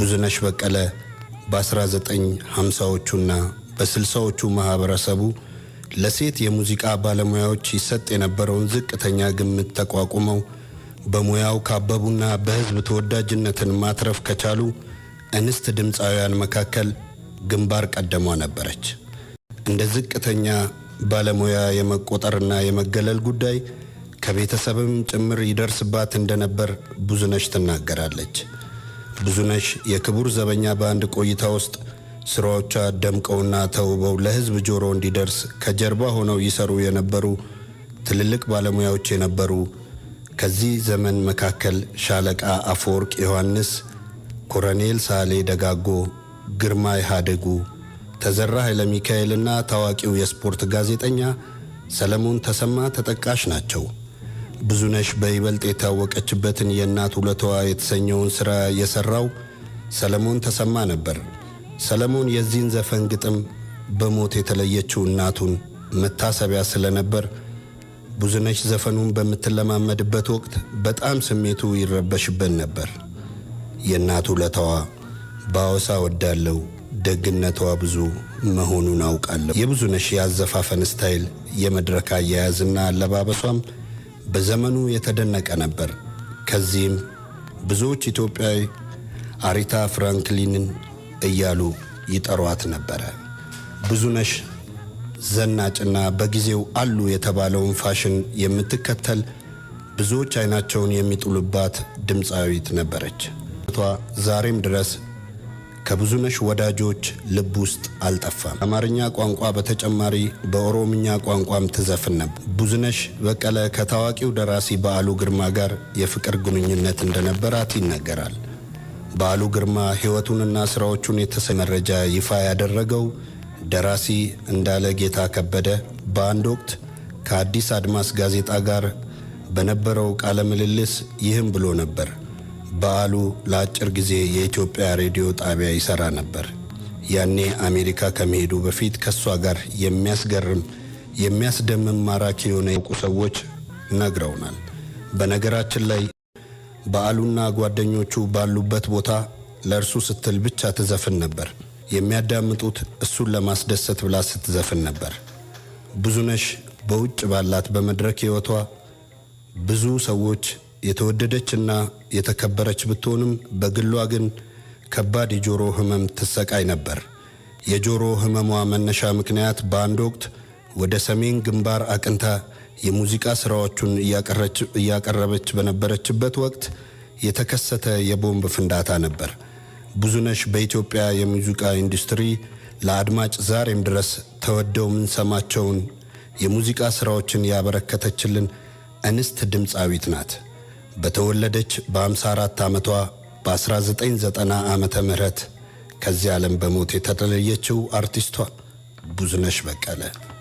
ብዙነሽ በቀለ በ1950ዎቹና በ60ዎቹ ማኅበረሰቡ ለሴት የሙዚቃ ባለሙያዎች ይሰጥ የነበረውን ዝቅተኛ ግምት ተቋቁመው በሙያው ካበቡና በሕዝብ ተወዳጅነትን ማትረፍ ከቻሉ እንስት ድምፃውያን መካከል ግንባር ቀደሟ ነበረች። እንደ ዝቅተኛ ባለሙያ የመቆጠርና የመገለል ጉዳይ ከቤተሰብም ጭምር ይደርስባት እንደነበር ብዙነሽ ትናገራለች። ብዙነሽ የክቡር ዘበኛ በአንድ ቆይታ ውስጥ ስራዎቿ ደምቀውና ተውበው ለህዝብ ጆሮ እንዲደርስ ከጀርባ ሆነው ይሰሩ የነበሩ ትልልቅ ባለሙያዎች የነበሩ ከዚህ ዘመን መካከል ሻለቃ አፈወርቅ ዮሐንስ፣ ኮረኔል ሳሌ ደጋጎ፣ ግርማ ኢህአዴጉ፣ ተዘራ ኃይለ ሚካኤልና ታዋቂው የስፖርት ጋዜጠኛ ሰለሞን ተሰማ ተጠቃሽ ናቸው። ብዙነሽ በይበልጥ የታወቀችበትን የእናት ውለታዋ የተሰኘውን ሥራ የሠራው ሰለሞን ተሰማ ነበር። ሰለሞን የዚህን ዘፈን ግጥም በሞት የተለየችው እናቱን መታሰቢያ ስለነበር ብዙነሽ ዘፈኑን በምትለማመድበት ወቅት በጣም ስሜቱ ይረበሽበት ነበር። የእናት ውለታዋ በአወሳ ወዳለው ደግነቷ ብዙ መሆኑን አውቃለሁ። የብዙነሽ ያዘፋፈን ስታይል፣ የመድረክ አያያዝና አለባበሷም በዘመኑ የተደነቀ ነበር። ከዚህም ብዙዎች ኢትዮጵያዊ አሪታ ፍራንክሊንን እያሉ ይጠሯት ነበረ። ብዙነሽ ዘናጭና በጊዜው አሉ የተባለውን ፋሽን የምትከተል ብዙዎች አይናቸውን የሚጥሉባት ድምፃዊት ነበረች። ቷ ዛሬም ድረስ ከብዙነሽ ወዳጆች ልብ ውስጥ አልጠፋም። አማርኛ ቋንቋ በተጨማሪ በኦሮምኛ ቋንቋም ትዘፍን ነበር። ብዙነሽ በቀለ ከታዋቂው ደራሲ በዓሉ ግርማ ጋር የፍቅር ግንኙነት እንደነበራት ይነገራል። በዓሉ ግርማ ሕይወቱንና ሥራዎቹን የተሰ መረጃ ይፋ ያደረገው ደራሲ እንዳለ ጌታ ከበደ በአንድ ወቅት ከአዲስ አድማስ ጋዜጣ ጋር በነበረው ቃለ ምልልስ ይህም ብሎ ነበር በዓሉ ለአጭር ጊዜ የኢትዮጵያ ሬዲዮ ጣቢያ ይሰራ ነበር። ያኔ አሜሪካ ከመሄዱ በፊት ከእሷ ጋር የሚያስገርም የሚያስደምም ማራኪ የሆነ ያውቁ ሰዎች ነግረውናል። በነገራችን ላይ በዓሉና ጓደኞቹ ባሉበት ቦታ ለእርሱ ስትል ብቻ ትዘፍን ነበር። የሚያዳምጡት እሱን ለማስደሰት ብላ ስትዘፍን ነበር። ብዙነሽ በውጭ ባላት በመድረክ ሕይወቷ ብዙ ሰዎች የተወደደችና የተከበረች ብትሆንም በግሏ ግን ከባድ የጆሮ ህመም ትሰቃይ ነበር። የጆሮ ህመሟ መነሻ ምክንያት በአንድ ወቅት ወደ ሰሜን ግንባር አቅንታ የሙዚቃ ሥራዎቹን እያቀረበች በነበረችበት ወቅት የተከሰተ የቦምብ ፍንዳታ ነበር። ብዙነሽ በኢትዮጵያ የሙዚቃ ኢንዱስትሪ ለአድማጭ ዛሬም ድረስ ተወደው ምንሰማቸውን የሙዚቃ ሥራዎችን ያበረከተችልን እንስት ድምፃዊት ናት። በተወለደች በ54 ዓመቷ በ1990 ዓ ም ከዚህ ዓለም በሞት የተለየችው አርቲስቷ ብዙነሽ በቀለ